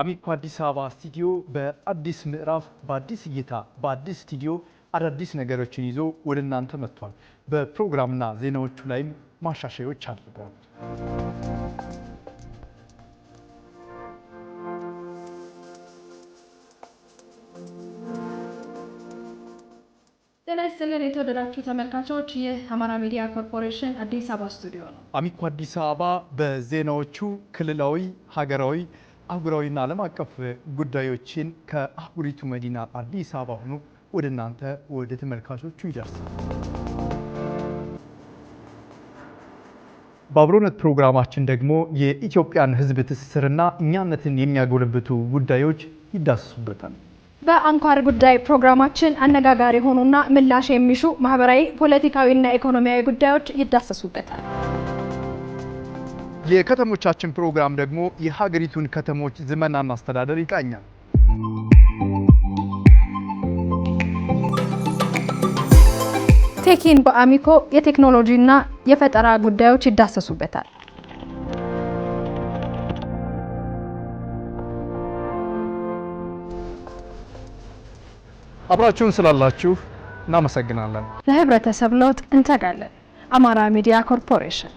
አሚኮ አዲስ አበባ ስቱዲዮ በአዲስ ምዕራፍ በአዲስ እይታ በአዲስ ስቱዲዮ አዳዲስ ነገሮችን ይዞ ወደ እናንተ መጥቷል። በፕሮግራምና ዜናዎቹ ላይም ማሻሻዮች አድርገዋል። ጤና ይስጥልን የተወደዳችሁ ተመልካቾች፣ ይህ አማራ ሚዲያ ኮርፖሬሽን አዲስ አበባ ስቱዲዮ ነው። አሚኮ አዲስ አበባ በዜናዎቹ ክልላዊ፣ ሀገራዊ አህጉራዊና ዓለም አቀፍ ጉዳዮችን ከአህጉሪቱ መዲና አዲስ አበባ ሆኖ ወደ እናንተ ወደ ተመልካቾቹ ይደርሳል። በአብሮነት ፕሮግራማችን ደግሞ የኢትዮጵያን ሕዝብ ትስስርና እኛነትን የሚያጎለብቱ ጉዳዮች ይዳሰሱበታል። በአንኳር ጉዳይ ፕሮግራማችን አነጋጋሪ የሆኑና ምላሽ የሚሹ ማህበራዊ፣ ፖለቲካዊና ኢኮኖሚያዊ ጉዳዮች ይዳሰሱበታል። የከተሞቻችን ፕሮግራም ደግሞ የሀገሪቱን ከተሞች ዝመናና አስተዳደር ይቃኛል። ቴኪን በአሚኮ የቴክኖሎጂና የፈጠራ ጉዳዮች ይዳሰሱበታል። አብራችሁን ስላላችሁ እናመሰግናለን። ለህብረተሰብ ለውጥ እንተጋለን። አማራ ሚዲያ ኮርፖሬሽን